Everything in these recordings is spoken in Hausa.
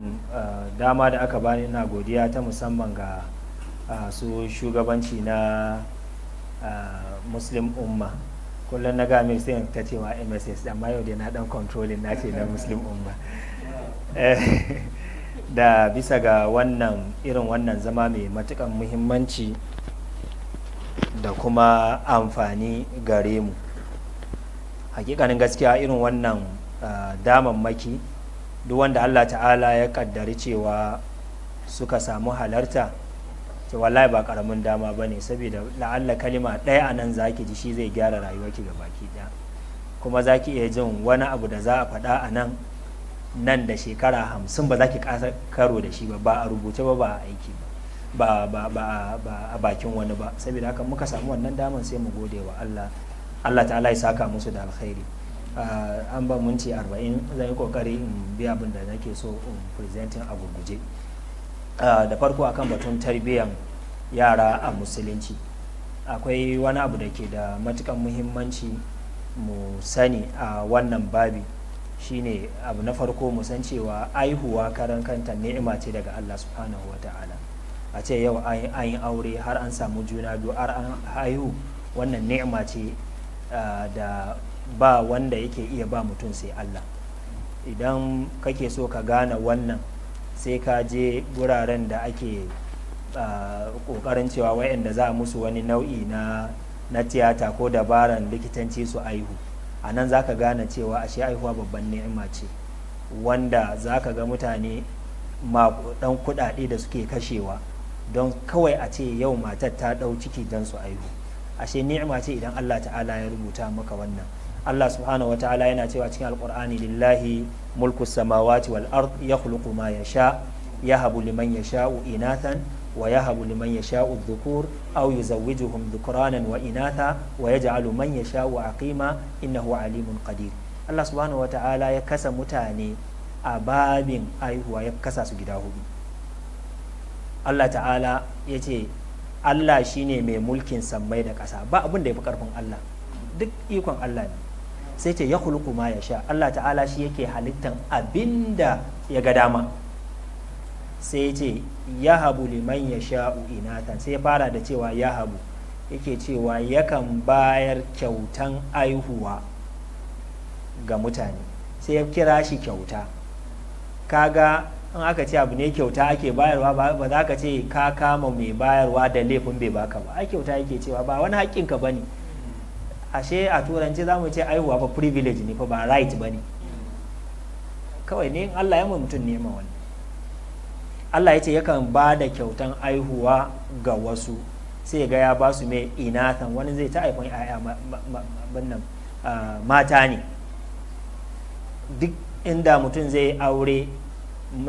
Uh, dama da aka bani na godiya ta musamman ga uh, su shugabanci na uh, muslim umma kullum na gami sai ta cewa mss amma yau da na dan controlling na ce na muslim umma eh, da bisa ga wannan irin wannan zama mai matukan muhimmanci da kuma amfani gare mu hakikanin gaskiya irin wannan damammaki duk wanda Allah ta'ala ya kaddari cewa suka samu halarta ce wallahi ba karamin dama ba ne saboda la'alla kalima ɗaya a nan zaki ji shi zai gyara rayuwarki ga baki ɗaya kuma zaki iya jin wani abu da za a faɗa a nan nan da shekara hamsin ba za ki karo da shi ba ba a rubuce ba ba a aiki ba ba a bakin wani ba saboda haka muka samu wannan daman sai mu gode wa Allah Allah ta'ala ya saka musu da alkhairi Ah, an ba minti 40 zan yi kokari in bi abin da nake so in presenting a gurguje ah, da farko akan batun tarbiyyar yara a musulunci akwai wani abu da ke da matukan muhimmanci mu sani a wannan babi shine abu na farko mu san cewa aihuwa karan kanta ni'ima ce daga Allah subhanahu wa ta'ala a ce yau an yi aure har an samu juna biyu har an haihu wannan ni'ima ce ah, da ba wanda yake iya ba mutum sai Allah idan kake so ka gane wannan sai ka je guraren da ake kokarin cewa wayanda za musu wani nau'i na na tiyata ko dabaran likitanci su aihu a nan za ka gane cewa ashe aihuwa babban ni'ima ce wanda za ka ga mutane dan kudade da suke kashewa don kawai a ce yau matar ta dau ciki don su aihu ashe ni'ima ce idan allah ta'ala ya rubuta maka wannan Allah subhanahu ta'ala yana cewa cikin alkur'ani lillahi mulku samawati wal ard yakhluqu ma yasha yahabu liman yasha'u inathan wa yahabu liman yasha'u dhukur aw yuzawwijuhum dhukranan wa inatha wa yaj'alu man yasha'u aqima innahu alimun qadir Allah subhanahu ta'ala ya kasa mutane a babin aihuwa ya kasa su gida hudu Allah ta'ala ya ce Allah shine mai mulkin sammai da ƙasa ba abin da ya fi ƙarfin Allah duk ikon Allah ne sai ce ya hulku ma ya sha Allah ta'ala shi yake halittan abinda ya ga dama sai ce ya habu liman ya sha'u inatan sai fara da cewa ya habu yake cewa yakan bayar kyautan aihuwa ga mutane sai ya kira shi kyauta kaga in aka ce abu ne kyauta ake bayarwa ba za ka ce ka kama mai bayarwa da laifin bai baka ba ai kyauta yake cewa ba wani haƙƙinka ba ne ashe a turanci za mu ce aihuwa ba privilege ne fa ba right ba ne kawai ne Allah ya mutum neman wani Allah ya ce yakan ba da kyautan aihuwa ga wasu sai ga ya ba su mai inatan wani zai ta aifan yaya bannan mata ne duk inda mutum zai aure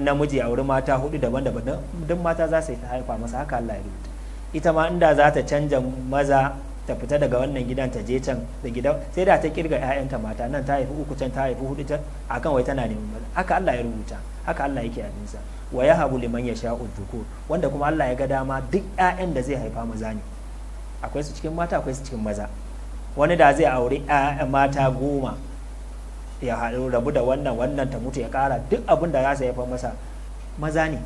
namiji aure mata hudu daban-daban don mata za su haifa masa haka Allah ya rubuta ita ma inda za ta canja maza ta fita daga wannan gidan ta je can da gidan sai da ta kirga ƴaƴanta mata nan ta haifi uku can ta haifi hudu can akan wai tana neman maza haka Allah ya rubuta haka Allah yake sa wa yahabu liman yasha dhukur wanda kuma Allah ya ga dama duk ƴaƴan da zai haifa maza ne akwai su cikin mata akwai su cikin maza wani da zai aure ƴaƴan mata goma ya haɗu rabu da wannan wannan ta mutu ya ƙara duk abin da za su haifa masa maza ne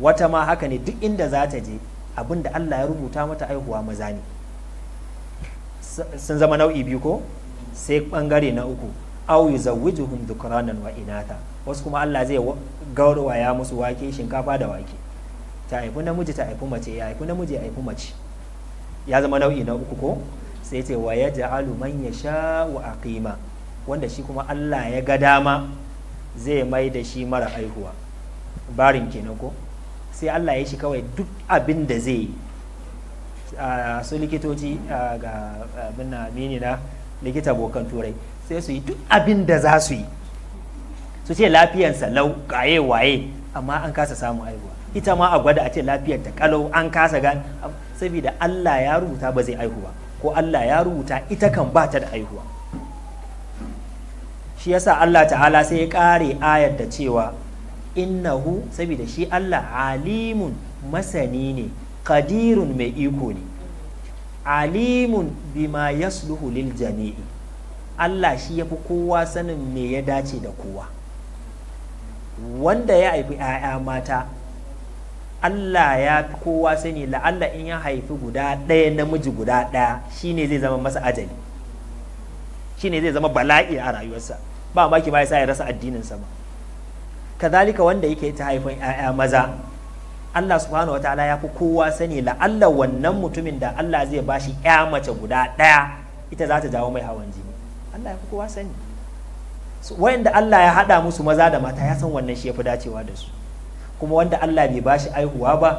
wata ma haka ne duk inda za ta je abin da Allah ya rubuta mata aihuwa maza ne sun zama nau'i biyu ko sai bangare na uku au yuzawwijuhum dhukranan wa inatha wasu kuma Allah zai ya musu wake shinkafa da wake ta haifi namiji ta haifi mace ya haifi namiji ya haifi mace ya zama nau'i na uku ko sai ce wa yaj'alu man yasha'u aqima wanda shi kuma Allah ya ga dama zai mai da shi mara aihuwa barin kenan ko sai Allah ya shi kawai duk abin da zai yi su likitoci ga abin mini na likita bokan turai sai su yi duk abin da za su yi su ce lafiyansa lau kaye waye amma an kasa samu aihuwa ita ma a gwada a ce lafiyar ta kalau an kasa gan saboda Allah ya rubuta ba zai aihuwa ko Allah ya rubuta ita kan ba ta da aihuwa shi yasa Allah ta'ala sai ya kare ayar da cewa 'Inna hu!' saboda shi Allah alimun masani ne Kadirun mai iko ne alimun bima yasluhu lil jami'i Allah shi ya fi kowa sanin me ya dace da kowa wanda ya haifi 'ya'ya mata Allah ya fi kowa sani la'alla in ya haifi guda ɗaya namiji guda ɗaya shi ne zai zama masa ajali Shi ne zai zama bala'i a rayuwarsa ba maki ba ya sa ya rasa addininsa ba kazalika wanda yake ta haifin 'ya'ya maza Allah subhanahu wataala ya fi kowa sani la'alla wannan mutumin da Allah zai bashi ya mace guda ɗaya ita za ta jawo mai hawan jini Allah ya fi kowa sani wayanda Allah ya haɗa musu maza da mata ya san wannan shi ya fi dacewa da su kuma wanda Allah bai bashi aihuwa ba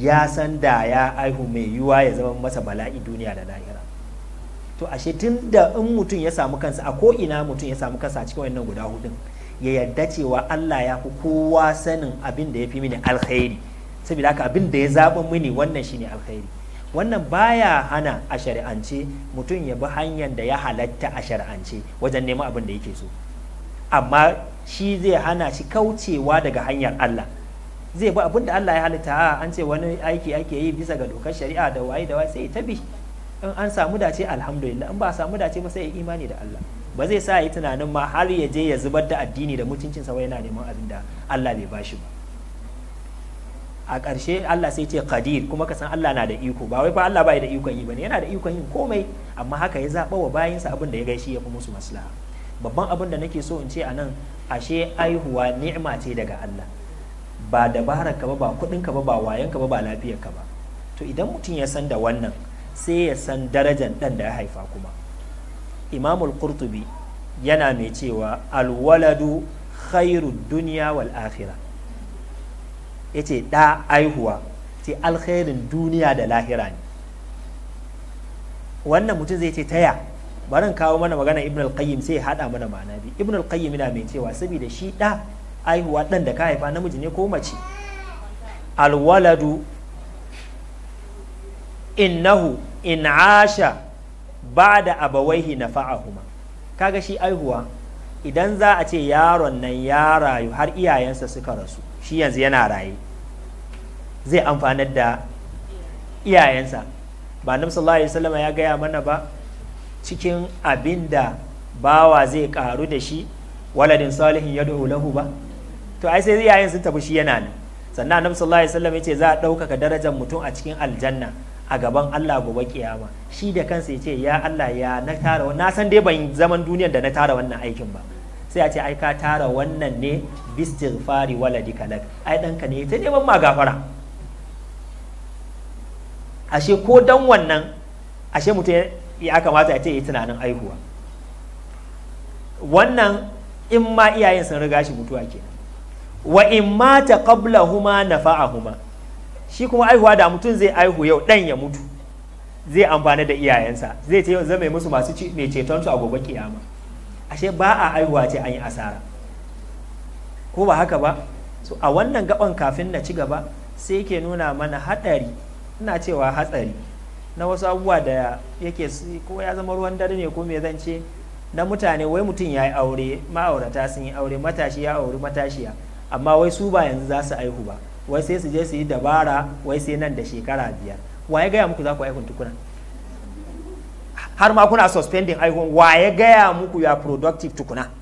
ya san da ya aihu mai yiwuwa ya zama masa bala'i duniya da lahira to ashe tun da in mutum ya samu kansa a ko'ina mutum ya samu kansa a cikin wannan guda hudun ya yarda cewa Allah ya fi kowa sanin abin da ya fi mini alkhairi saboda haka abin da ya zaɓa mini wannan shine alkhairi wannan baya hana a shari'ance mutum ya bi hanyar da ya halatta a shari'ance wajen neman abin da yake so amma shi zai hana shi kaucewa daga hanyar Allah zai bi abin da Allah ya halitta an ce wani aiki ake yi bisa ga dokar shari'a da waye da waye sai ta bi in an samu dace alhamdulillah in ba a samu dace ba sai ya imani da Allah ba zai sa yi tunanin ma har ya je ya zubar da addini da mutuncinsa wai yana neman abin da Allah bai bashi ba a ƙarshe Allah sai ce qadir kuma ka san Allah na da iko ba wai fa Allah bai da ikon yi bane yana da ikon yin komai amma haka ya zaba wa bayinsa abin da ya gaishe ya fi musu maslaha babban abin da nake so in ce anan ashe aihuwa ni'ima ce daga Allah ba dabarar ka ba ba kuɗin ka ba ba wayan ka ba ba lafiyar ka ba to idan mutum ya san da wannan sai ya san darajar dan da ya haifa kuma imamul qurtubi yana mai cewa alwaladu khairud dunya wal akhirah ya ce ɗa aihuwa ce alkhairin duniya da lahira ne wannan mutum zai ce taya barin kawo mana magana ibn al-qayyim sai ya haɗa mana ma'ana biyu ibn al-qayyim yana mai cewa saboda shi ɗa aihuwa ɗan da ka haifa namiji ne ko mace alwaladu innahu in asha ba'da abawaihi na kuma kaga shi aihuwa idan za a ce yaron nan ya rayu har iyayensa suka rasu shi yanzu yana raye zai amfanar da iyayensa ba na sallallahu alaihi ya gaya mana ba cikin abin da bawa zai karu da shi waladin salihin ya lahu ba to ai sai iyayen sun tafi shi yana nan sannan na sallallahu alaihi wasallam yace za a ɗaukaka darajar mutum a cikin aljanna a gaban Allah gobe kiyama shi da kansa yace ya Allah ya na tara na san dai ban zaman duniyar da na tara wannan aikin ba sai a ce ai ka tara wannan ne bistighfari Waladi, lak ai danka ne ta neman ma gafara ashe ko dan wannan ashe mutum ya kamata a ce yi tunanin aihuwa wannan in ma iyayen sun riga shi mutuwa ke wa in mata qabla huma huma. shi kuma aihuwa da mutum zai aihu yau dan ya mutu zai amfana da iyayensa zai ce zama musu masu mai ceton su a gobe kiyama ashe ba a aihuwa ce an yi asara ko ba haka ba so a wannan gaban kafin na ci gaba sai yake nuna mana hatsari ina cewa hatsari na wasu abubuwa da yake ko ya zama ruwan dare ne ko me zan ce na mutane wai mutum ya yi aure ma'aurata sun yi aure matashi ya aure matashiya amma wai su ba yanzu za su aihu ba wai sai su je su yi dabara wai sai nan da shekara biyar waye gaya muku za ku aikun tukuna har ma kuna suspending aihun wa ya gaya muku ya productive tukuna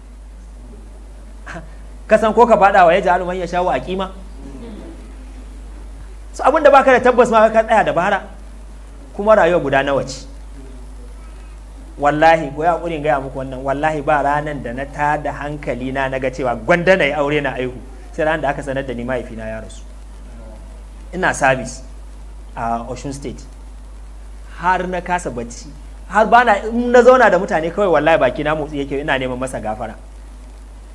kasan ko ka fada wa ya ji aluman ya shawo a kima su abin da baka da tabbas ma ka tsaya bara kuma rayuwa guda nawa ce wallahi ko ya kurin gaya muku wannan wallahi ba ranan da na ta da hankali na naga cewa gwanda na yi aure na aihu sai ranar da aka sanar da ni mahaifina ya rasu ina sabis a ocean state har na kasa bacci har ba na in na zauna da mutane kawai wallahi baki na motsi yake ina neman masa gafara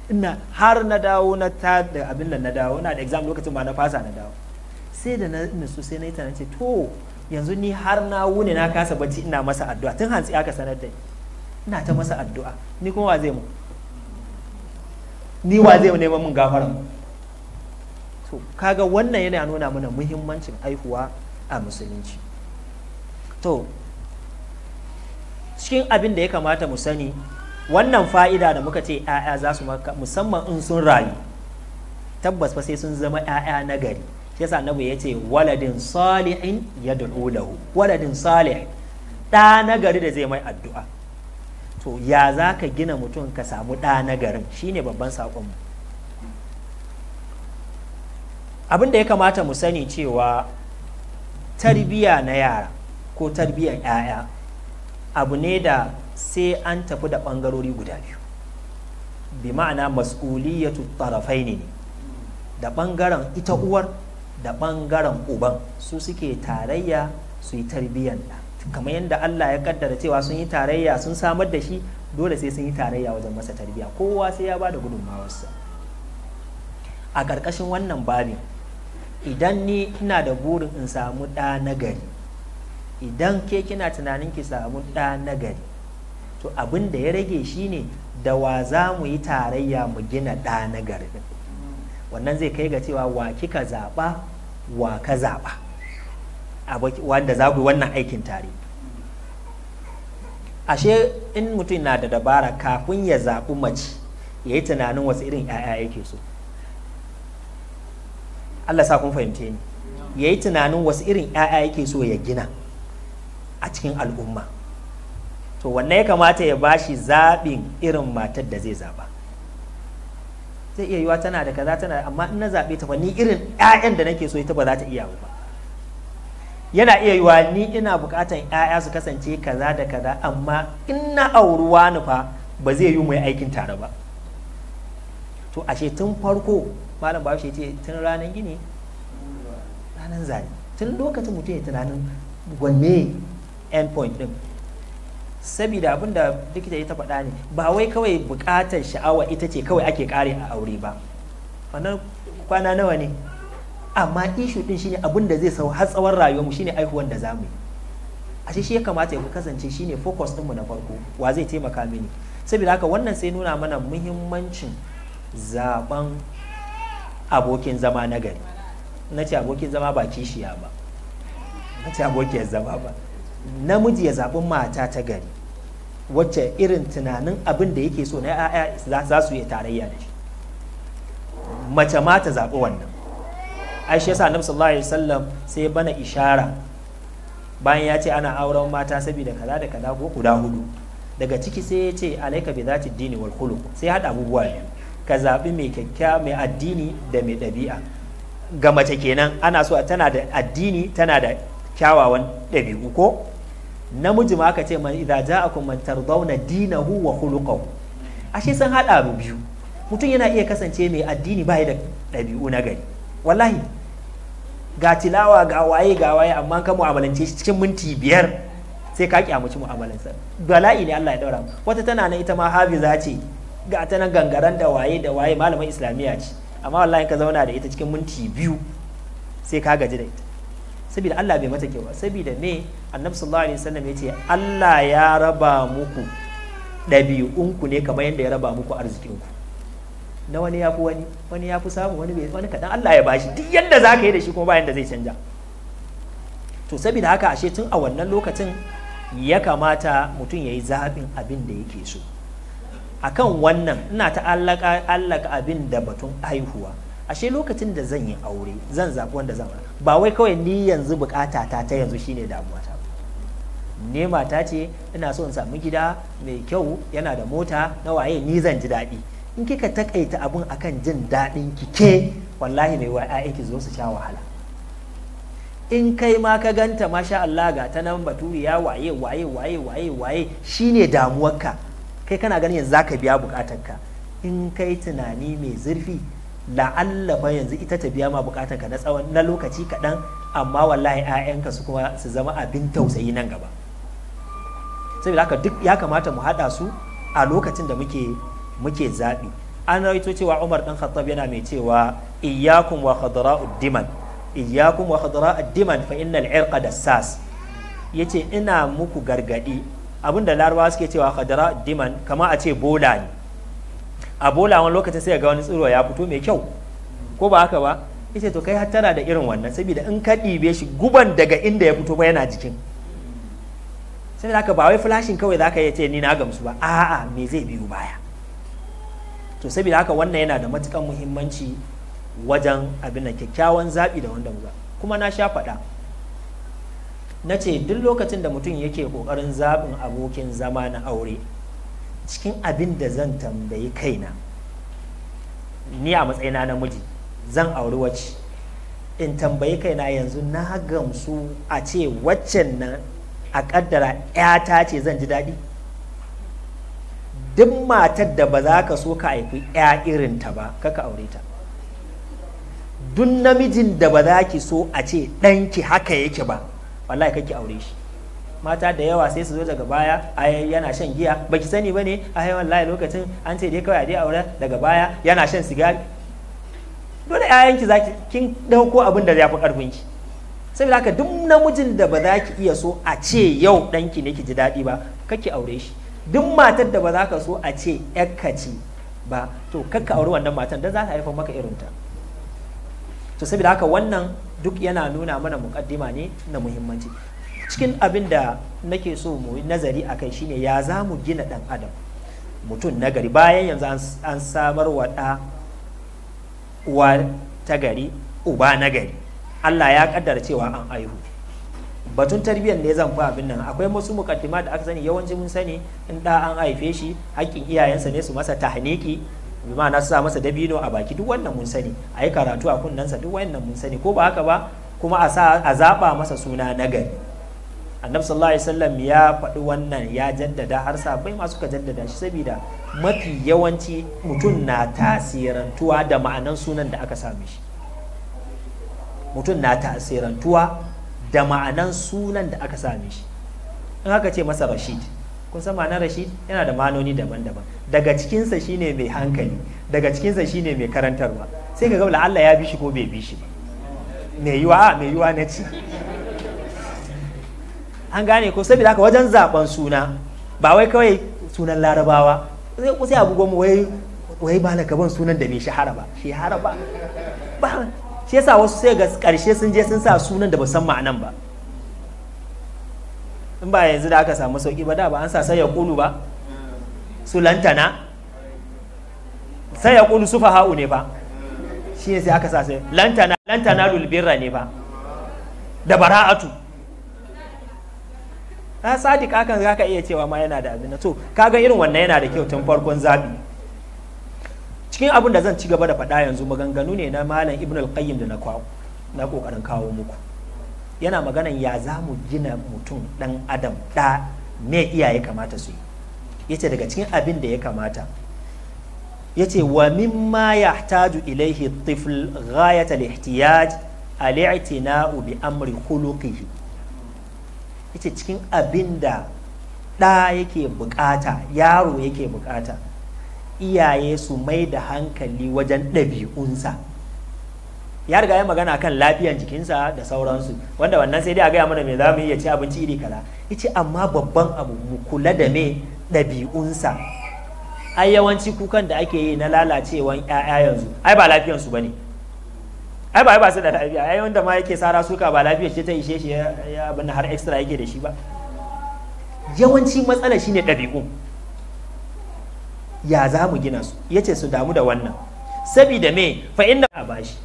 ina har na dawo na ta da abin nan na dawo na da exam lokacin ba na fasa na dawo sai da na nasu sai na yi tunanin ce to yanzu ni har na wuni na kasa bacci ina masa addu'a tun hantsi aka sanar da ni ina ta masa addu'a ni kuma wa zai mu ni wa zai neman mun gafara to kaga wannan yana nuna mana muhimmancin aihuwa a musulunci to cikin abin da ya kamata mu sani wannan fa'ida da muka ce ‘ya'ya za su maka musamman in sun rayu tabbas fa sai sun zama ‘ya'ya na gari shi yasa annabi ya ce waladin salihin ya lahu waladin salih ɗa na gari da zai mai addu'a to ya za ka gina mutum ka samu ɗa na garin shine babban saƙon mu abin da ya kamata mu sani cewa tarbiyya na yara ko tarbiyan ‘ya'ya abu ne da sai an tafi da ɓangarori guda biyu bi ma'ana mas'uliyatu tarafai ne da ɓangaren ita uwar da ɓangaren uban su suke tarayya su yi tarbiyyar da kamar yadda Allah ya kaddara cewa sun yi tarayya sun samar da shi dole sai sun yi tarayya wajen masa tarbiyya kowa sai ya ba da gudunmawarsa a ƙarƙashin wannan babin idan ni ina da burin in samu ɗa nagari. idan ke kina tunanin ki samu ɗa nagari to abin da ya rage shine da wa za mu yi tarayya mu gina ɗa nagari wannan zai kai ga cewa wa kika zaɓa wa ka zaɓa wanda za ku yi wannan aikin tare ashe in mutum na da dabara kafin ya zaɓi mace ya yi tunanin wasu irin 'ya'ya yake so Allah sa kun fahimce ni ya yi tunanin wasu irin 'ya'ya yake so ya gina a cikin al'umma to wanne ya kamata ya bashi zaɓin irin matar da zai zaɓa zai iya yiwa tana da kaza tana amma in zaɓe ta ni irin 'ya'yan da nake so ita ba za ta iya ba yana iya yiwa ni ina buƙatan 'ya'ya su kasance kaza da kaza amma in na auruwa ni fa ba zai yi mai aikin tare ba to ashe tun farko malam shi ce tun ranar gini ranar zane tun lokacin mutum ya tunanin wanne endpoint din saboda abin da likita ya faɗa ne ba wai kawai buƙatar sha'awa ita ce kawai ake ƙare a aure ba wannan kwana nawa ne amma ishu din shine abin da zai sau har tsawon mu shine aihuwan da zamu yi ashe shi ya kamata ya kasance shine focus mu na farko wa zai taimaka mini saboda haka wannan sai nuna mana muhimmancin zaben abokin zama na gari na ce abokin zama ba kishiya ba na ce abokin zama ba namiji ya zaɓi mata ta gari wacce irin tunanin abin da yake so na 'ya'ya za su yi tarayya da shi mace ma ta zaɓi wannan Aisha shi yasa annabi sallallahu alaihi wasallam sai bana ishara bayan ya ce ana auren mata saboda kaza da kaza ko guda hudu daga ciki sai ya ce alaika bi zati dini wal khuluq sai hada abubuwa biyu ka zaɓi mai kyakkya mai addini da mai ɗabi'a ga mace kenan ana so tana da addini tana da kyawawan ɗabi'u ko namiji ma aka ce man idza ja'akum man tardawna dinahu wa khuluquhu ashe sun hada abu biyu mutum yana iya kasance mai addini bai da ɗabi'u na gari wallahi ga tilawa ga waye ga waye amma ka mu'amalance shi cikin minti biyar sai ka kyamuci mu'amalansa bala'i ne Allah ya daura wata tana nan ita ma hafiza ce ga ta nan gangaran da waye da waye malamin islamiyya ce amma wallahi ka zauna da ita cikin minti biyu sai ka gaji da ita saboda Allah bai mata kewa saboda me annabi sallallahu alaihi wasallam yace Allah ya raba muku ɗabi'unku ne kamar yadda ya raba muku arzikinku na wani ya fi wani wani ya fi samu wani bai wani kaɗan Allah ya bashi duk yadda za ka yi da shi kuma bayan da zai canja to saboda haka ashe tun a wannan lokacin ya kamata mutum ya yi zaɓin abin da yake so akan wannan ina ta allaka abin da batun haihuwa ashe lokacin da zan yi aure zan zaɓi wanda zan ba wai kawai ni yanzu bukata ta ta yanzu shine damuwa ta ne mata ce ina so in samu gida mai kyau yana da mota na waye ni zan ji daɗi in kika takaita abun akan jin daɗin ki ke wallahi mai wa'a ki zo su sha wahala in kai ma ka ganta masha Allah ga ta nan baturiya waye waye waye waye waye shine damuwarka kai kana ganin yanzu zaka biya bukatarka in kai tunani mai zurfi la'alla yanzu ita ta biya ma bukatar ka na tsawon na lokaci kaɗan amma wallahi 'ya'yanka su kuma su zama abin tausayi nan gaba saboda haka duk ya kamata mu haɗa su a lokacin da muke muke zaɓi an rawaito cewa Umar dan Khattab yana mai cewa iyyakum wa khadra'ud diman iyyakum wa khadra'ud diman fa innal irqa dassas yace ina muku gargadi abinda larwa suke cewa khadra'ud diman kama a ce bola ne a bola wani lokacin sai ga wani tsiro ya fito mai kyau ko ba haka ba ita to kai tana da irin wannan saboda in ka ɗibe shi guban daga inda ya fito ba yana jikin saboda haka ba wai flashin kawai za ka iya ce ni na gamsu ba a'a me zai biyu baya to saboda haka wannan yana da matukan muhimmanci wajen abin da kyakkyawan zaɓi da wanda ba kuma na sha faɗa na ce duk lokacin da mutum yake ƙoƙarin zaɓin abokin zama na aure cikin abin da zan tambayi kaina ni a matsayina namiji zan auri wacce in tambayi kaina yanzu na gamsu a ce waccan nan a kaddara 'yata ce zan ji daɗi duk matar da ba za ka so ka haifi 'ya ta ba kaka aure ta duk namijin da ba za ki so a ce ɗanki haka yake ba wallahi kake aure shi mata da yawa sai su zo daga baya a yana shan giya ba ki sani ba ne a ai layi lokacin an ce dai kawai dai aure daga baya yana shan sigari dole za zaki kin dauko abin da ya fi karfin ki saboda haka duk namijin da ba za ki iya so a ce yau ki ne ki ji daɗi ba kake aure shi duk matar da ba za ka so a ce ƴakka ce ba to kakka aure wannan matan dan za ta haifar maka irinta to saboda haka wannan duk yana nuna mana muƙaddima ne na muhimmanci cikin abin da nake so mu nazari a kai shine ya za mu gina ɗan adam mutum na gari bayan yanzu an samar wa ɗa uwa ta gari uba na gari Allah ya kaddara cewa an aihu batun tarbiyyar ne zan fi abin nan akwai wasu mukaddima da aka sani yawanci mun sani in da an haife shi hakkin iyayensa ne su masa tahniki bi ma'ana su sa masa dabino a baki duk wannan mun sani a yi karatu a kunnansa duk wannan mun sani ko ba haka ba kuma a zaɓa masa suna na gari annabi sallallahu alaihi wasallam ya faɗi wannan ya jaddada har sa bai masu ka jaddada shi saboda mafi yawanci mutum na tasirantuwa da ma'anan sunan da aka same shi mutum na tasirantuwa da ma'anan sunan da aka same shi in aka ce masa rashid kun san ma'anar rashid yana da manoni daban-daban daga cikinsa shine mai hankali daga cikinsa shine mai karantarwa sai ka ga Allah ya bi shi ko bai bi shi ba mai yiwa mai yiwa na ci an gane ko saboda haka wajen zaben suna ba wai kawai sunan larabawa sai abu goma wai wai ba na gaban sunan da mai shahara ba shahara ba ba shi yasa wasu sai ga karshe sun je sun sa sunan da ba san ma'anan ba in ba yanzu da aka samu sauki ba da ba an sa sai ya kulu ba su lantana sai ya kulu su faha'u ne ba shi ne sai aka sa sai lantana lantana lulbirra ne ba da bara'atu na sadiq hakan za ka iya cewa ma yana da abin to kaga irin wannan yana da kyau tun farkon zaɓi cikin abin da zan ci gaba da faɗa yanzu maganganu ne na malam ibn al da na na kokarin kawo muku yana maganan ya za mu gina mutum dan adam ɗa me iyaye kamata su yi yace daga cikin abin da ya kamata yace wa mimma yahtaju ilaihi tifl ghayat al-ihtiyaj al-i'tina'u bi amri khuluqihi yace cikin abin da ɗa yake bukata yaro yake bukata iyaye su mai da hankali wajen ɗabi'unsa ya riga ya magana kan lafiyan jikinsa da sauransu wanda wannan sai dai a gaya mana me za mu iya ci abinci iri kala. yace amma babban abu mu kula da me ɗabi'unsa ai yawanci kukan da ake yi na lalacewan ƴaƴa yanzu ai ba lafiyansu bane ai ba ba su da lafiya ai wanda ma yake sara suka ba lafiya ce ta ishe shi ya abin har extra yake da shi ba yawanci matsala shine ɗabi'u ya za mu gina su yace su damu da wannan sabida me fa inna a bashi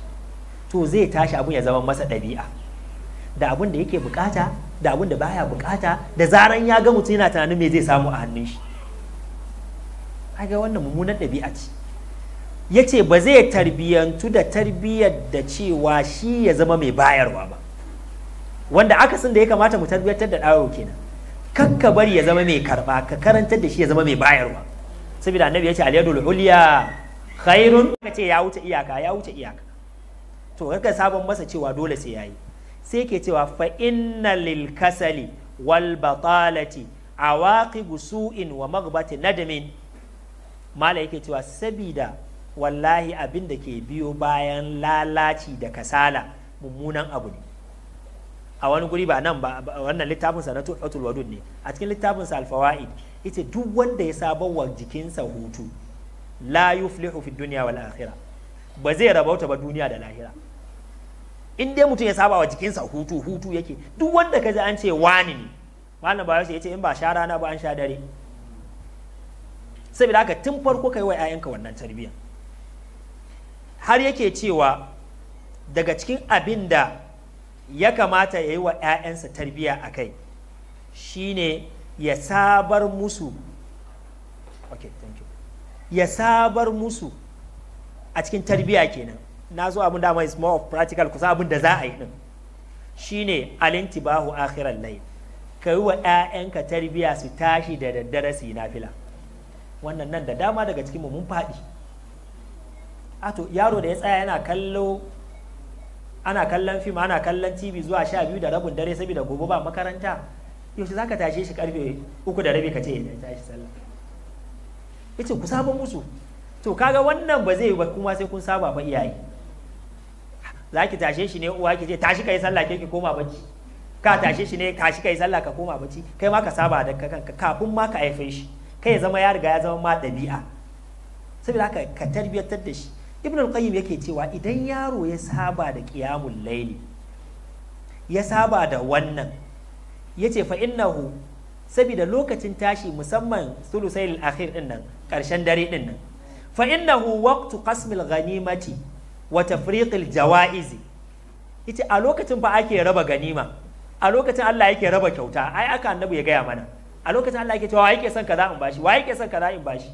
to zai tashi abun ya zama masa ɗabi'a da abun da yake bukata da abun da baya bukata da zaran ya ga mutum yana tunanin me zai samu a hannun shi kaga wannan mummunan ɗabi'a ce ya ce ba zai tarbiyantu da tarbiyyar da cewa shi ya zama mai bayarwa ba wanda aka akasin da ya kamata mu tarbiyyantar da ɗaro kenan kan ka bari ya zama mai karba ka karantar da shi ya zama mai bayarwa saboda annabi ya ce aliyadul ulya khairun ka ce ya wuce iyaka ya wuce iyaka to ka sabon masa cewa dole sai yayi sai ke cewa fa inna lil kasali wal batalati awaqibu su'in wa maghbati nadamin mala yake cewa sabida wallahi abin da ke biyo bayan lalaci da kasala mummunan abu ne a wani guri ba nan ba wannan littafin sa na tutul wadud ne a cikin littafin sa alfawaid ita duk wanda ya sabawa jikinsa hutu la yuflihu fi dunya wal akhirah ba zai rabauta ba duniya da lahira in dai mutum ya saba wa jikinsa hutu hutu yake duk wanda kaji an ce wani ne malam ba yace in ba sha rana ba an sha dare saboda haka tun farko kai wa 'ya'yanka wannan tarbiyyar har yake cewa daga cikin abin da ya kamata ya yi wa 'ya'yansa tarbiyya a kai shine ya sabar musu ya sabar musu a cikin tarbiyya kenan na zo abin da is more of practical kusa abin da za a yi din shine alintibahu akhirar lai ka yi wa 'ya'yanka tarbiyya su tashi da daddare su yi nafila wannan nan da dama daga cikin mu mun faɗi a to yaro da ya tsaya yana kallo ana kallon fim ana kallon tv zuwa sha biyu da rabin dare saboda gobe ba makaranta yaushe za ka tashe shi karfe uku da rabi ka ce ya tashi sallah ya ce ku saba musu to kaga wannan ba zai ba kuma sai kun saba ba iyaye za ki tashe shi ne uwa ki ce tashi ka yi sallah ke ki koma bacci ka tashe shi ne tashi ka yi sallah ka koma bacci kai ma ka saba da kanka kafin ma ka haife shi kai ya zama ya riga ya zama ma ɗabi'a saboda haka ka tarbiyyar da shi ibn al-qayyim yake cewa idan yaro ya saba da qiyamul layli ya saba da wannan yace fa innahu saboda lokacin tashi musamman sulusayil akhir din nan karshen dare din nan fa innahu waqtu qasmil ghanimati wa tafriqil jawaizi yace a lokacin fa ake raba ganima a lokacin Allah yake raba kyauta ai aka annabi ya gaya mana a lokacin Allah yake cewa wa yake son kaza in bashi wa yake son kaza in bashi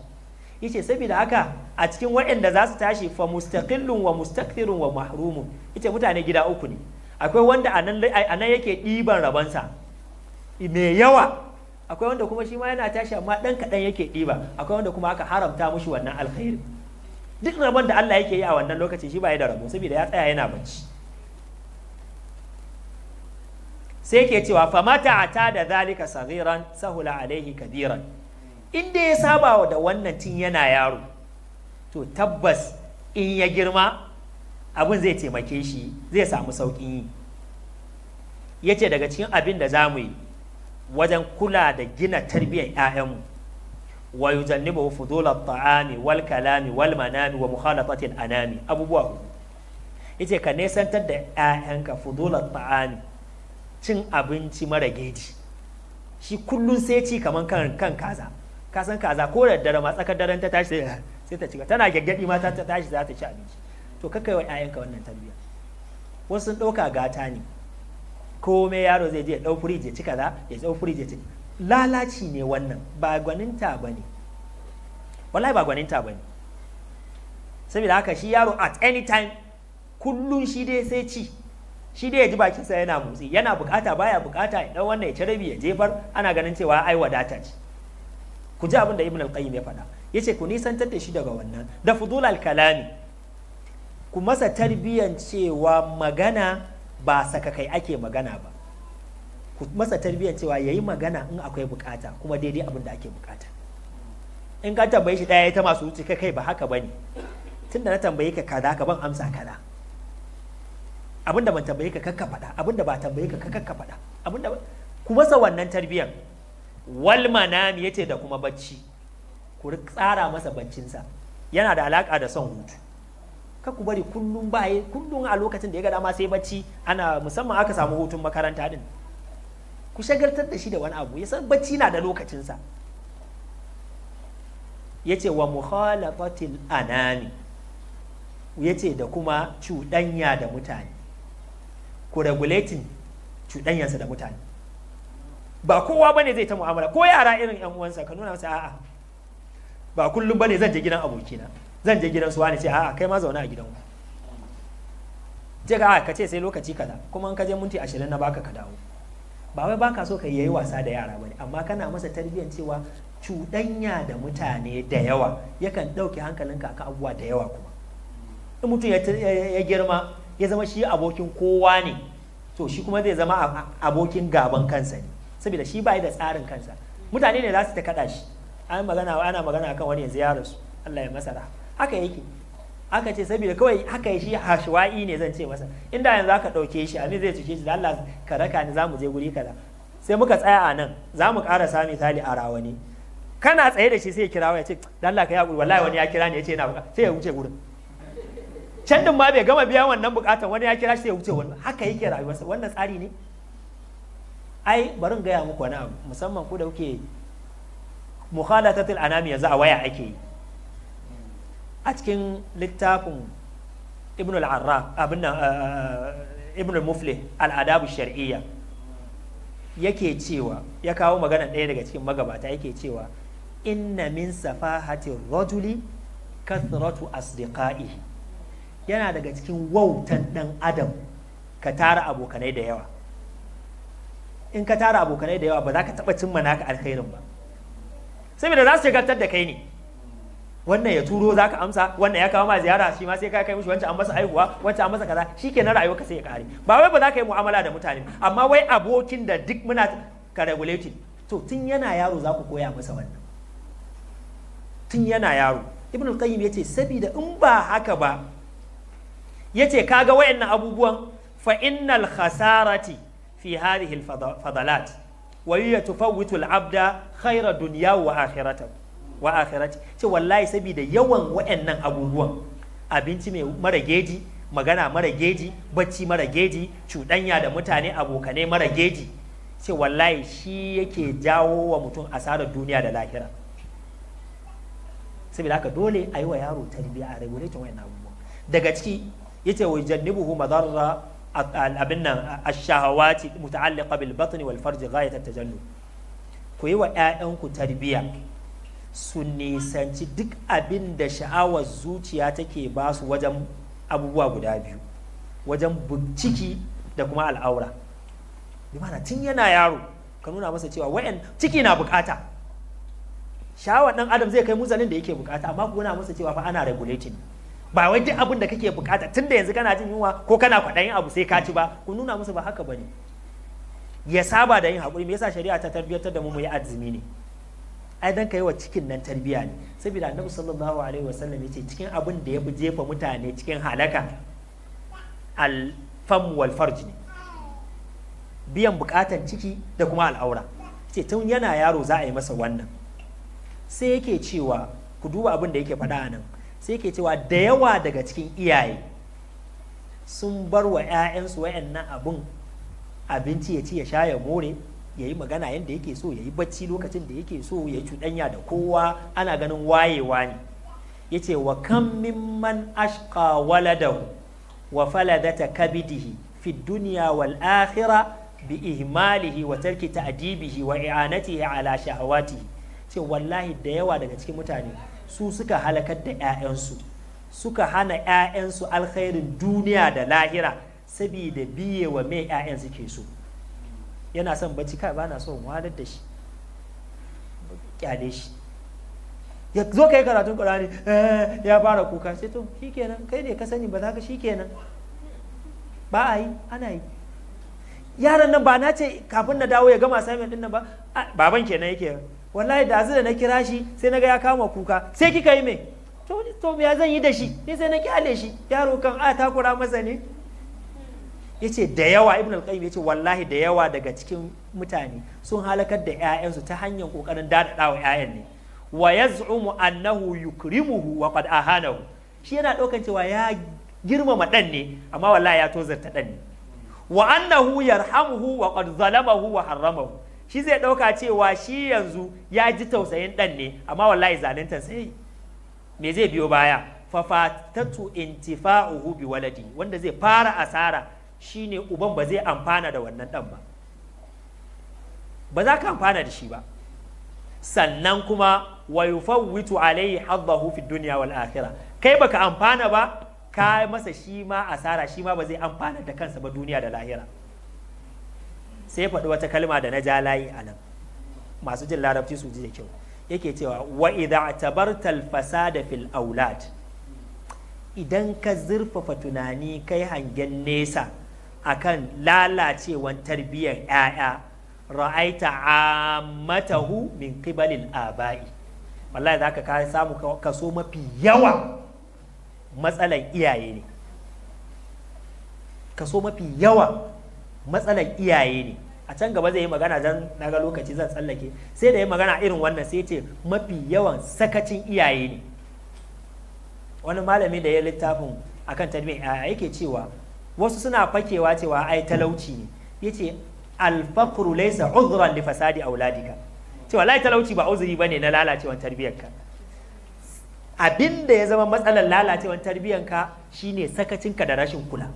yace saboda haka a cikin waɗanda za su tashi fa mustaqillun wa mustakthirun wa mahrumun ita mutane gida uku ne akwai wanda anan anan yake diban rabansa mai yawa akwai wanda kuma shi ma yana tashi amma dan kadan yake diba. akwai wanda kuma aka haramta mushi wannan alkhairi duk rabon da Allah yake yi a wannan lokaci shi ba da rabo saboda ya tsaya yana bacci sai ke cewa famata ata da zalika saghiran sahula alaihi kadiran in inda ya saba da wannan tun yana yaro to tabbas in ya girma abin zai taimake shi zai samu sauƙin yi ya ce daga cikin abin da zamu yi wajen kula da gina tarbiyyar 'ya'yanmu wa yuzannibu fudulat ta'ami wal kalami wal manami wa mukhalatatil anami abubuwa hudu yace ka nesantar da 'ya'yanka fudulat ta'ami cin abinci mara geji shi kullum sai ci kamar kan kaza ka san kaza ko da dare ma tsakar daren ta tashi sai ta cika tana gaggadi ma ta tashi za ta ci abinci to kakai wa 'ya'yanka wannan tarbiyya wasu sun ɗauka gata ne komai yaro zai je ya ɗau firiji ya ci kaza ya ɗau firiji ya cika lalaci ne wannan ba gwaninta ba ne wallahi ba gwaninta ba ne saboda haka shi yaro at any time kullum shi dai sai ci shi dai ya ji bakinsa yana motsi yana bukata baya bukata ya ɗau wannan ya ci rabi ya jefar ana ganin cewa ai wadata ce ku ji abin da ibn al-qayyim ya faɗa yace ku nisantar da shi daga wannan da fudul al-kalami ku masa tarbiyan cewa magana ba sakakai ake magana ba ku masa tarbiyan cewa yayi magana in akwai bukata kuma daidai abin da ake bukata in ka tambaye shi ɗaya ta masu wuce kai ba haka bane tunda na tambaye ka kaza ka ban amsa kaza abinda ban tambaye ka kakka faɗa abinda ba tambaye ka kakka faɗa abinda ku masa wannan tarbiyan wal ya yace da kuma bacci ku tsara masa baccinsa yana da alaka da son hutu ka ku bari kullum baye kullum a lokacin da ya ga dama sai bacci ana musamman aka samu hutun makaranta din ku shagartar da shi da wani abu ya san bacci na da lokacinsa ya ce wa muhalatatil anami ya ce da kuma cuɗanya da mutane ku regulating cuɗanyansa da mutane ba kowa bane zai ta mu'amala ko yara irin yan uwansa ka nuna masa a'a ba kullum bane zan je gidan abokina zan je gidan suwa ne sai a'a kai ma zauna a gidanku je ka ka ce sai lokaci kaza kuma in ka je minti ashirin na baka ka dawo ba wai baka so ka yi wasa da yara bane amma kana masa tarbiyyar cewa cuɗanya da mutane da yawa yakan ɗauke hankalinka akan abubuwa da yawa kuma in mutum ya girma ya zama shi abokin kowa ne to shi kuma zai zama abokin gaban kansa ne saboda shi bai da tsarin kansa mutane ne za su ta kada shi an magana ana magana akan wani yanzu yaron su Allah ya masa haka yake aka ce saboda kawai haka shi hashwa'i ne zan ce masa inda yanzu aka dauke shi abin zai cike shi Allah ka raka ni zamu je guri kaza sai muka tsaya a nan za mu karasa misali a rawani kana tsaye da shi sai ya kira ya ce Allah ka ya guri wallahi wani ya kira ne ya ce yana buƙata sai ya wuce gurin can din ma bai gama biya wannan buƙatar wani ya kira shi sai ya wuce wannan haka yake rayuwarsa wannan tsari ne ai barin gaya muku wani abu musamman ku da kuke mukhalatatul anami yanzu a waya ake yi a cikin littafin ibn al arra abin eh, eh, ibn al-muflih al-adab shar'iyya yake cewa ya kawo magana ɗaya daga cikin magabata yake cewa inna min safahatir rajuli kathratu asdiqaihi yana daga cikin wautan dan adam ka tara abokanai da yawa in ka tara abokanai da yawa ba za ka taɓa cimma naka alkhairin ba saboda za su shagaltar da kai ne wannan ya turo za ka amsa wannan ya kawo ma ziyara shi ma sai ka kai mishi wancan an masa aihuwa wancan an masa kaza shi ke na rayuwa ka sai ya kare ba wai ba za ka yi mu'amala da mutane amma wai abokin da duk muna ka regulate. to tun yana yaro za ku koya masa wannan tun yana yaro ibn al-qayyim yace saboda in ba haka ba yace kaga wayannan abubuwan fa innal khasarati fi hadhihi al-fadalat wa hiya tufawwitu abda khaira duniya wa akhiratahu wa akhirati ce wallahi saboda yawan wayannan abubuwan abinci mai mara geji magana mara geji bacci mara geji cuɗanya da mutane abokane mara geji ce wallahi shi yake jawo wa mutum asarar duniya da lahira saboda haka dole a yi wa yaro tarbiyya a daga ciki yace wa jannibuhu madarra abin nan ashahawati muta'alliqa bil batn wal farj ghayat at-tajallu ku yi wa ƴaƴanku tarbiyya su nisanci duk abin da sha'awar zuciya take ba su wajen abubuwa guda biyu wajen ciki da kuma al'aura bimana tun yana yaro ka nuna masa cewa wayan ciki na bukata sha'awar dan adam zai kai muzalin da yake bukata amma ku nuna masa cewa fa ana regulating ba wai duk abin da kake bukata tun da yanzu kana jin yunwa ko kana kwaɗayin abu sai ka ci ba ku nuna musu ba haka bane ya saba da yin haƙuri me yasa shari'a ta tarbiyyar da mu mu yi azumi ne ai dan kai wa cikin nan tarbiya ne saboda annabi sallallahu alaihi wasallam yace cikin abin da ya jefa mutane cikin halaka al fam wal farj ne biyan bukatan ciki da kuma al'aura ce tun yana yaro za a yi masa wannan sai yake cewa ku duba abin da yake faɗa a nan sai ke cewa da yawa daga cikin iyaye sun bar wa 'ya'yansu wa'annan abin abinci ya ci ya sha ya more ya yi magana yadda yake so ya yi bacci lokacin da yake so ya yi cuɗanya da kowa ana ganin wayewa ne ya ce wa kan mimman ashka waladahu wa faladata kabidihi fi duniya wal akhira bi ihmalihi wa tarki ta'dibihi wa i'anatihi ala shahawatihi ce wallahi da yawa daga cikin mutane su suka halakar da 'ya'yansu suka hana 'ya'yansu alkhairin duniya da lahira saboda biye wa mai 'ya'yan suke so yana son bacci kai bana so walar da shi kyale shi ya zo kai karatun qur'ani eh, ya fara kuka sai to shikenan kai ne ka sani ba za ka shikenan ba a yi ana yi yaran nan ba na ce kafin na dawo ya gama assignment din nan ba baban kenan yake wallahi da zai na kira shi sai na ga ya kama kuka sai kika yi mai to to ya zan yi da shi ni sai na kyale shi yaro kan a ta kura masa ne yace da yawa ibn al-qayyim yace wallahi da yawa daga cikin mutane sun halakar da ƴaƴansu ta hanyar kokarin dadadawa ƴaƴan ne wa yaz'umu annahu yukrimuhu wa qad ahanahu shi yana daukan cewa ya girmama dan ne amma wallahi ya tozarta dan ne wa annahu yarhamuhu wa qad zalamahu wa harramahu shi zai ɗauka cewa shi yanzu ya ji tausayin ɗan ne amma wallahi zalunta sai me zai biyo baya fafatatu intifa'uhu bi waladi wanda zai fara asara shine uban ba zai amfana da wannan ɗan ba ba za ka amfana da shi ba sannan kuma wa yufawwitu alayhi haddahu fi dunya wal akhirah kai baka amfana ba ka masa shi ma asara shi ma ba zai amfana da kansa ba duniya da lahira sai faɗi wata kalma da na ja layi a nan masu jin larabci su ji da kyau yake cewa wa idza tabarta fasada fil aulad idan ka zurfafa tunani kai hangen nesa akan lalacewan tarbiyyar 'ya'ya ra'aita matahu min qibalil aba'i wallahi zaka ka samu kaso mafi yawa matsalar iyaye ne kaso mafi yawa matsalar iyaye ne a can gaba zai yi magana zan naga lokaci zan tsallake sai da ya magana irin wannan sai ce mafi yawan sakacin iyaye ne wani malami da ya littafin akan tarbiyyar iyaye yake cewa wasu suna fakewa cewa ai talauci ne yace alfakuru laisa uzuran li fasadi auladika cewa lai talauci ba uzuri bane na lalacewar tarbiyyarka abin da ya zama matsalar lalacewar ka shine sakacinka da rashin kula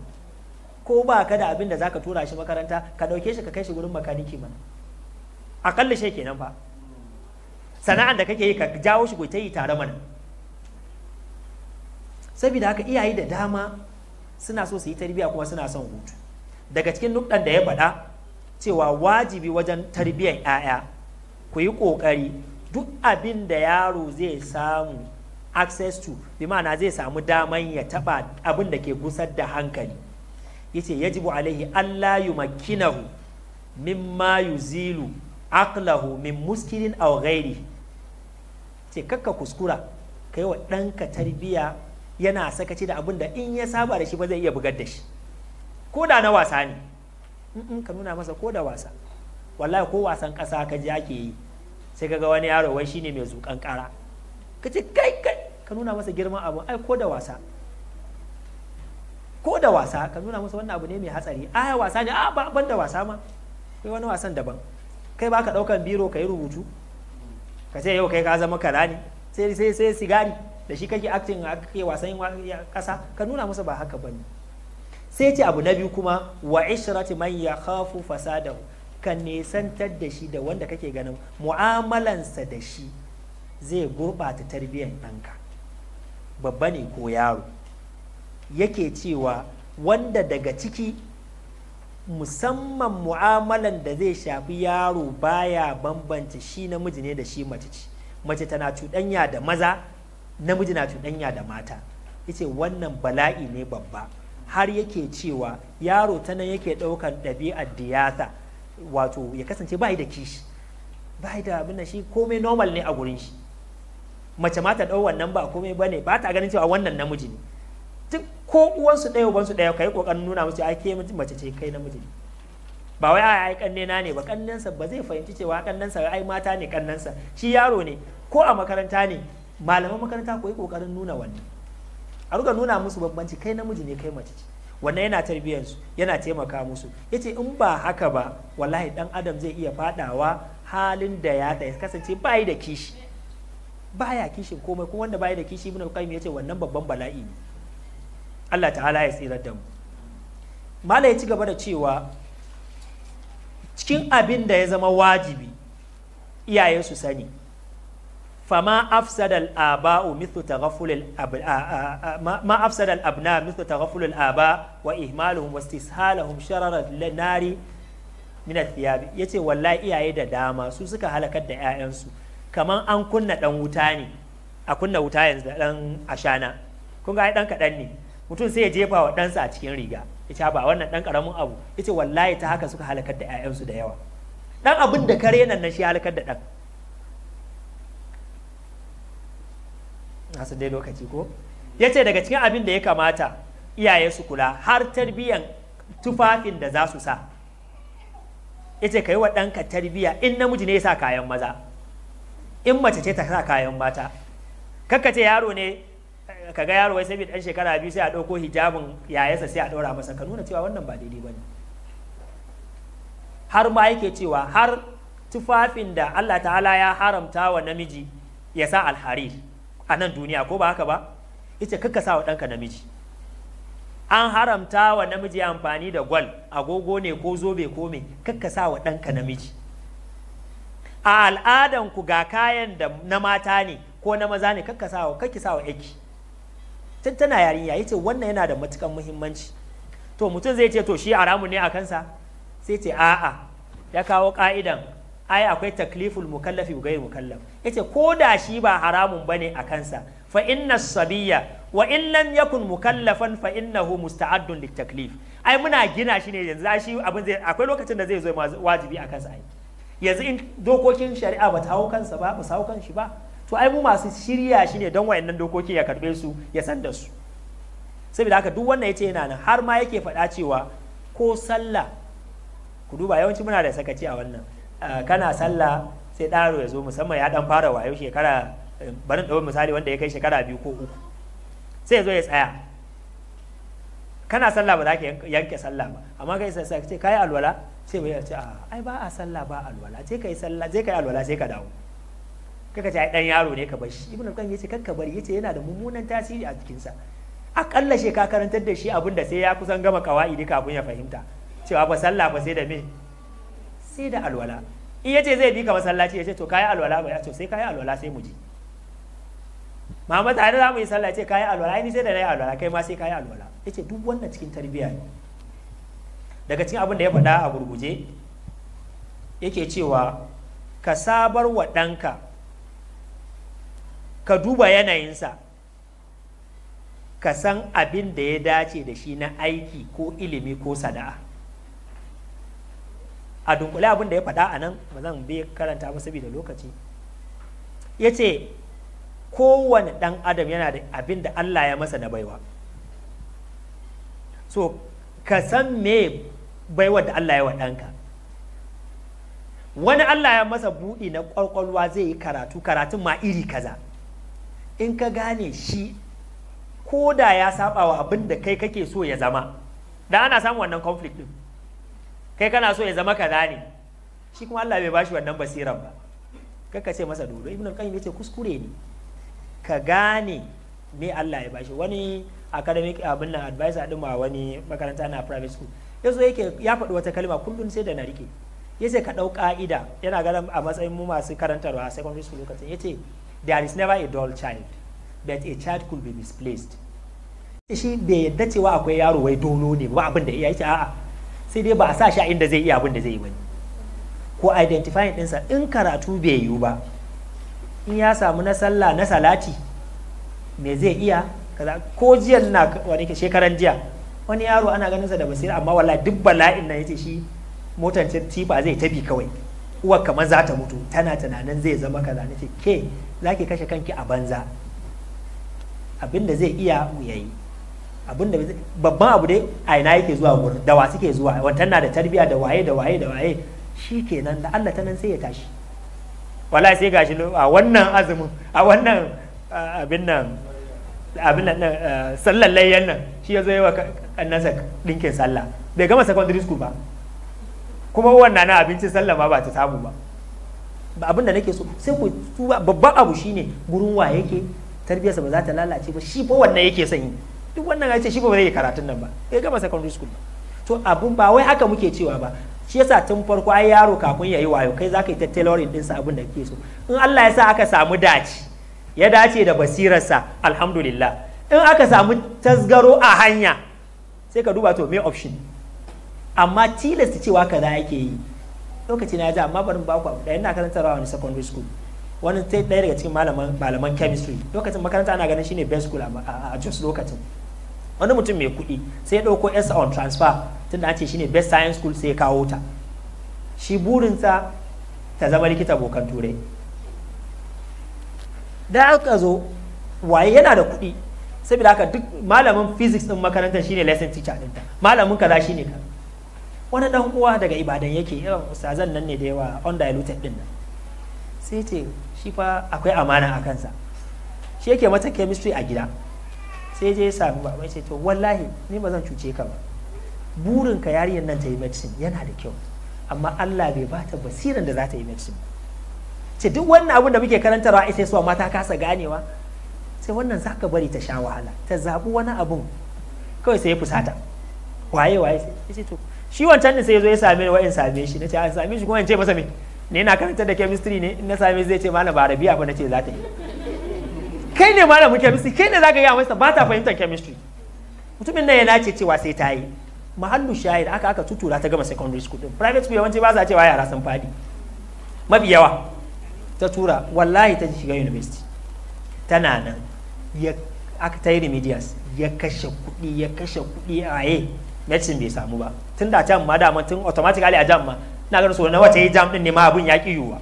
ko ba ka da abin da za ka tura shi makaranta ka ɗauke shi ka kai shi wurin makaniki mana aƙalla shi kenan fa sana'an da kake yi ka jawo shi ta yi tare mana saboda haka iyaye da dama suna so su yi tarbiyya kuma suna son hutu daga cikin nukɗan da ya faɗa cewa wajibi wajen tarbiyyar 'ya'ya ku yi ƙoƙari duk abin da yaro zai samu access to bi ma'ana zai samu daman ya taɓa abin da ke gusar da hankali yace yajibu alaihi alla yumakkinahu mimma yuzilu aqlahu min muskilin aw ghairi ce kakka kuskura kai wa danka tarbiya yana sakaci da abin da in ya saba da shi ba zai iya bugar da shi ko da na wasa ne in ka nuna masa ko da wasa wallahi ko wasan ƙasa ka ji ake yi sai kaga wani yaro wai shine mai zuƙan ƙara ka ce kai kai ka nuna masa girman abu ai ko da wasa ko da wasa ka nuna musu wannan abu ne mai hatsari a wasa ne a ban da wasa ma kai wani wasan daban kai baka ɗaukan biro ka yi rubutu ka ce yau kai ka zama kaza ne sai sai sigari da shi kake acting kake wasan kasa ka nuna musu ba haka bane sai ce abu na biyu kuma wa ishrati man yakhafu fasadahu ka nesantar da shi da wanda kake ganin mu'amalansa da shi zai gurɓata tarbiyyar ɗanka babba ne ko yaro yake cewa wanda daga ciki musamman mu'amalan da zai shafi yaro baya bambanta shi namiji ne da shi mace ce mace tana cuɗanya da maza namiji na cuɗanya da mata yace wannan bala'i ne babba har yake cewa yaro ta nan yake ɗaukar ɗabi'ar diyasa wato ya kasance bai da kishi bai da abin shi komai normal ne a gurin shi mace ma ta ɗau wannan ba komai ba ne ba ta ganin cewa wannan namiji ne duk ko uwansu ɗaya ubansu ɗaya kai kokarin nuna musu ai ke mace ce kai namiji ne ba wai ai kanne na ne ba kannensa ba zai fahimci cewa kannensa ai mata ne kannensa shi yaro ne ko a makaranta ne malaman makaranta ko kokarin nuna wannan a ruka nuna musu bambanci kai namiji ne kai mace ce wannan yana tarbiyyarsu yana taimaka musu Ya ce in ba haka ba wallahi dan adam zai iya fadawa halin da ya da kasance yi da kishi baya kishin komai ko wanda yi da kishi ibn al-qayyim yace wannan babban bala'i ne Allah ta'ala ya tsirar da mu mala ya ci gaba da cewa cikin abin da ya zama wajibi iyaye su sani fama afsadal aba'u mithu taghafulil ma afsadal abna mithu taghafulil aba wa ihmaluhum wa istishaluhum sharara min yace wallahi iyaye da dama su suka halakar da 'ya'yansu Kamar an kunna dan wuta ne a kunna wuta yanzu da dan ashana kun ga ai dan kadan ne mutum sai ya jefa wa ɗansa a cikin riga Ya ce ba wannan ɗan ƙaramin abu Ya ce wallahi ta haka suka halakar da 'ya'yansu da yawa ɗan abin da kare nan na shi halakar da ɗan nasu dai lokaci ko ya ce daga cikin abin da ya kamata iyaye su kula har tarbiyyan tufafin da za su sa ya ce ka yi wa ɗanka tarbiyya in namiji ne ya sa kayan maza in mace ce ta sa kayan mata kakka ce yaro ne Ka ga yaro wai sai bai dan shekara biyu sai a dauko hijabin yayasa, sai a daura masa ka nuna cewa wannan ba daidai bane har ma yake cewa har tufafin da Allah ta'ala ya haramta wa namiji ya sa alharir a nan duniya ko ba haka ba ita kakka sa wa ɗanka namiji an haramta wa namiji amfani da gwal agogo ne ko zobe ko me kakka sa wa ɗanka namiji a al'adan ku ga kayan da na mata ne ko na maza ne kakka sa wa kakki sa wa yaki tun tana yarinya ce, wannan yana da matukan muhimmanci to mutum zai ce to shi aramu ne a kansa sai ce a'a ya kawo ka'idan ai akwai takliful mukallafi ga yi mukallaf ce, ko da shi ba haramun ba ne a kansa fa inna sabiyya wa in lam yakun mukallafan fa innahu musta'addun litaklif ai muna gina shi ne yanzu shi abin zai akwai lokacin da zai zo wajibi a kansa ai yanzu in dokokin shari'a ba ta hau kansa ba ba hau kan shi ba to ai mu masu shirya shi ne don wayannan dokoki ya karbe su ya san da su saboda haka duk wannan yace yana nan har ma yake faɗa cewa ko sallah ku duba yawanci muna da sakaci a wannan kana sallah sai ɗaro ya zo musamman ya dan fara wayo shekara barin ɗaukar misali wanda ya kai shekara biyu ko uku sai ya zo ya tsaya kana sallah ba za ka yanke sallah ba amma kai sai sai kai yi alwala sai bai ce a ai ba a sallah ba alwala sai kai sallah sai kai alwala sai ka dawo kaka ce ai dan yaro ne ka bar shi ibnu qayyim yace kanka bari yace yana da mummunan tasiri a jikinsa akalla she ka karantar da shi abin da sai ya kusan gama kawa'idi kafin ya fahimta cewa ba sallah ba sai da me sai da alwala in yace zai bi ka masallaci yace to kai alwala ba ya to sai kai alwala sai mu ji Muhammad tare za mu yi sallah yace kai alwala ai ni sai da nayi alwala kai ma sai kai alwala yace duk wannan cikin tarbiyya ne daga cikin abin da ya faɗa a gurguje yake cewa ka sabar wa ɗanka ka duba yanayinsa ka san abin da ya dace da shi na aiki ko ilimi ko sana'a a dunkule abin da ya faɗa a nan ba zan bi karanta ba saboda lokaci ya ce kowane dan adam yana da abin da allah ya masa na baiwa so ka san me baiwar da allah ya wa ɗanka wani allah ya masa buɗi na ƙwaƙwalwa zai yi karatu karatun ma iri kaza in ka gane shi ko da ya saba wa abin da kai kake so ya zama da ana samun wannan conflict din kai kana so ya zama kaza ne shi kuma Allah bai bashi wannan basiran ba kaka ce masa dodo al qayyim yace kuskure ne ka gane me Allah ya bashi wani academic abin nan advisor din ma wani makaranta na private school yazo yake ya faɗi wata kalma kullun sai da na rike yace ka ɗau ka'ida yana ganin a matsayin mu masu karantarwa a secondary school lokacin yace there is never a dull child but a child could be misplaced shi bai yadda cewa akwai yaro wai dono ne ba abin da iya yace a'a sai dai ba a sa shi a inda zai iya abin da zai yi bane ko identifying ɗinsa in karatu bai yiwu ba in ya samu na sallah na salati me zai iya kaza ko jiya na wani ke shekaran jiya wani yaro ana ganin sa da basira amma wala duk bala'in nan yace shi motar tifa zai tabi kawai uwar kamar za ta mutu tana tunanin zai zama kaza nace ke za ki kashe kanki a banza abin da zai iya ya yi abin da babban abu dai a ina yake zuwa gurin da wasu suke zuwa Wata na da tarbiya da waye da waye da waye shi kenan da Allah ta nan sai ya tashi wala sai gashi a wannan azumin a wannan abin nan abin nan eh, sallan layyan nan shi ya zo yi wa kannansa dinkin sallah bai gama secondary school ba kuma wannan na abincin sallah ma ba ta samu ba abin da nake so sai ku tuba babban abu shine gurin wa yake tarbiyarsa ba za ta lalace ba shi fa wannan yake son yi duk wannan ya ce shi ba zai yi karatun nan ba ya gama secondary school to abun ba wai haka muke cewa ba shi yasa tun farko ai yaro kafin yayi wayo kai zaka yi ta tailoring sa abin da kake so in Allah ya sa aka samu dace ya dace da basirarsa alhamdulillah in aka samu tasgaro a hanya sai ka duba to me option amma tilasta cewa kaza yake yi lokaci na ja amma bari ba ku abu ɗaya ina rawa wani secondary school wani sai ɗaya daga cikin malaman chemistry lokacin makaranta ana ganin shine best school a jos lokacin wani mutum mai kuɗi sai ya ɗauko s on transfer tun an ce shine best science school sai ya kawo ta shi burinsa ta zama likita bokan turai da aka zo waye yana da kuɗi saboda haka duk malamin physics din makarantar shine lesson teacher ɗinta malamin kaza shine kaza wani dan uwa daga ibadan yake irin ustazan nan ne da yawa diluted din nan sai ce shi fa akwai amana a kansa shi yake mata chemistry a gida sai je ya sami ba mai ce to wallahi ni ba zan cuce ka ba Burin ka yariyar nan ta yi medicine yana da kyau amma Allah bai bata basiran da za ta yi medicine ce duk wannan abin da muke karantarwa ita suwa mata kasa ganewa sai wannan zaka bari ta sha wahala ta zabi wani abun kawai sai ya fusata waye waye sai to shi wancan ne sai ya zo ya same ni wa'in same shi na ce an same shi kuma in ce masa me ne na karantar da chemistry ne in na same zai ce malam ba arabiya ba na ce za ta yi kai ne malamin chemistry kai ne za zaka a masa ba ta fahimtar chemistry mutumin nan ya ce cewa sai ta yi mahallu shahid aka aka tutura ta gama secondary school din private school yawanci ba za a cewa yara sun fadi mafi yawa ta tura wallahi ta shiga university tana nan ya aka ta yi remedials ya kashe kuɗi ya kashe kuɗi a medicine bai samu ba tun da jam ma dama tun automatically a jam ma na ganin so na wata yi jam din ne ma abin ya ki yiwuwa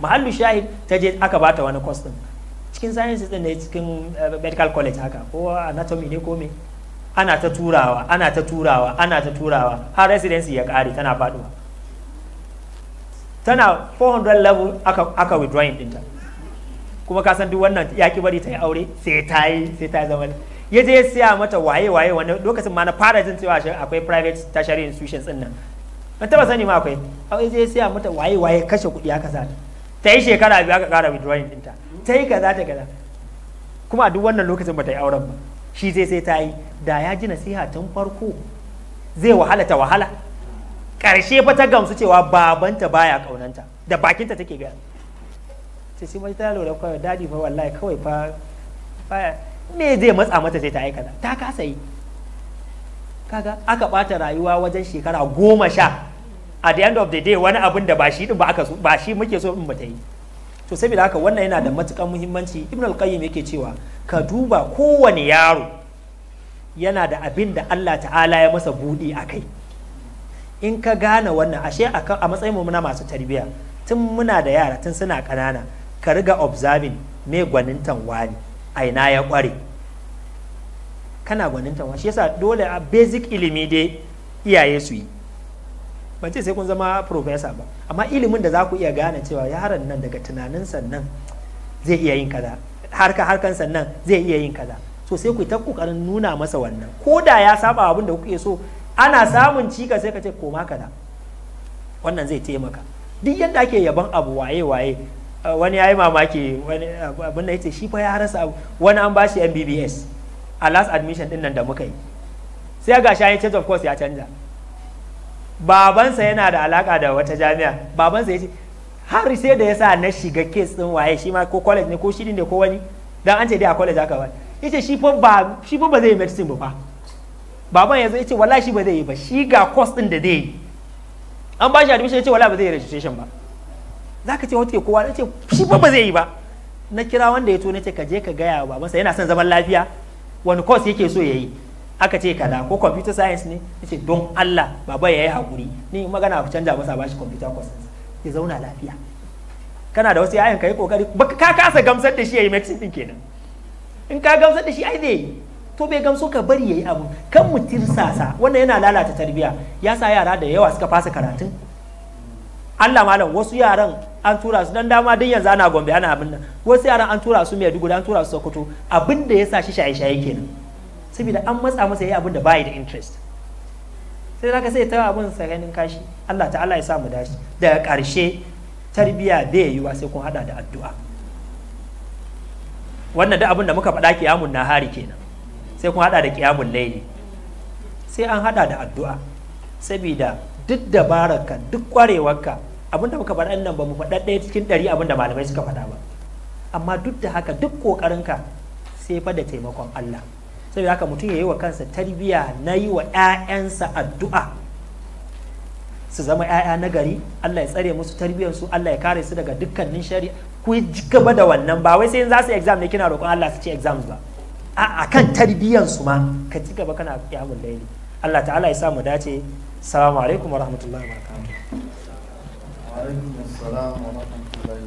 mahallu shahid ta je aka bata wani course din cikin science din ne cikin eh, medical college haka ko anatomy ne ko me ana ta turawa ana ta turawa ana ta turawa har residency ya kare tana faduwa tana 400 level aka aka withdrawing dinta kuma ka san duk wannan yaki bari ta yi aure sai ta yi sai ta zama ya je ya siya mata waye waye wannan lokacin ma na fara jin cewa akwai private tertiary institutions din nan ban taba sani ma akwai au ya je siya mata waye waye kashe kuɗi aka sa ta yi shekara biyu aka ƙara withdrawing ɗinta ta yi kaza ta kaza kuma duk wannan lokacin ba ta yi auren ba shi zai sai ta yi da ya ji nasiha tun farko zai wahala ta wahala karshe fa ta gamsu cewa babanta baya kaunanta da bakinta take gaya sai sai ta lura kawai dadi fa wallahi kawai fa me zai matsa mata sai ta kaza ta kasa yi kaga aka ɓata rayuwa wajen shekara goma sha at the end of the day wani abin da ba shi din ba aka ba shi muke so in bata yi to saboda haka wannan yana da matukan muhimmanci ibn al-qayyim yake cewa ka duba kowane yaro yana da abin da Allah ta'ala ya masa budi a kai in ka gane wannan ashe a matsayin mu na masu tarbiyya tun muna da yara tun suna kanana. ka riga observing me gwanin wani aina ya kware kana tawa shi yasa dole a basic ilimi dai iyaye su yi ban ce sai kun zama profesa ba amma ilimin da za ku iya gane cewa yaron nan daga tunanin sannan zai iya yin kaza harka harkan sannan zai iya yin kaza so sai ku ta kokarin nuna masa wannan ko da ya saba abin da kuke so ana samun cika sai ka ce koma kaza wannan zai taimaka duk yadda ake yaban abu waye waye Uh, wani ya yi mamaki uh, abin da ya ce shi fa ya rasa wani an bashi mbbs a last admission din nan da muka yi sai ga shi change of course ya canja babansa yana da alaka da wata jami'a babansa ya ce har sai da ya sa na shiga kes din waye shi ma ko college ne ko shi ne ko wani dan an ce dai a college haka ba ya shi fa shi fa ba zai yi medicine ba fa baban yanzu ce wallahi shi ba zai yi ba shi ga course din da zai yi an ba shi admission ce wallahi ba zai yi registration ba za ka ce wata ke kowa na ce shi ba ba zai yi ba na kira wanda ya to na ce ka je ka gaya wa babansa yana son zaman lafiya wani course yake so ya yi aka ce kaza ko computer science ne na ce don Allah baba ya yi hakuri ni magana ku canja masa bashi computer course ya zauna lafiya kana da wasu yayan ka yi kokari ka kasa gamsar da shi ya yi medicine din kenan in ka gamsar da shi ai zai yi to bai gamsu ka bari ya yi abu kan mu tirsasa wannan yana lalata tarbiya ya sa yara da yawa suka fasa karatun Allah malam wasu yaran an tura su dan dama duk yanzu ana gombe ana abin nan wasu yaran an tura su maiduguri an tura su sokoto abin da ya sa shi shaye-shaye kenan saboda an matsa masa yayi abin da bai da interest sai zaka sai ta abin ganin kashi Allah ta'ala ya sa mu dashi daga karshe tarbiya bai wa sai kun hada da addu'a wannan duk abin da muka faɗa kiyamun nahari kenan sai kun hada da kiyamun laili sai an hada da addu'a saboda duk ka duk kwarewarka abinda muka faɗa nan ba mu faɗa ɗaya cikin ɗari abinda malamai suka faɗa ba amma duk da haka duk ƙoƙarinka sai fa da taimakon Allah saboda haka mutum ya yi wa kansa tarbiya na yi wa 'ya'yansa addu'a su zama 'ya'ya na gari Allah ya tsare musu su Allah ya kare su daga dukkanin shari'a ku yi gaba da wannan ba wai sai za su exam ne kina roƙon Allah su ci exams ba a kan su ma ka ci gaba kana kiyamun laili Allah ta'ala ya sa mu dace salamu alaikum wa rahmatullahi wa barakatuh عليكم السلام ورحمة الله وبركاته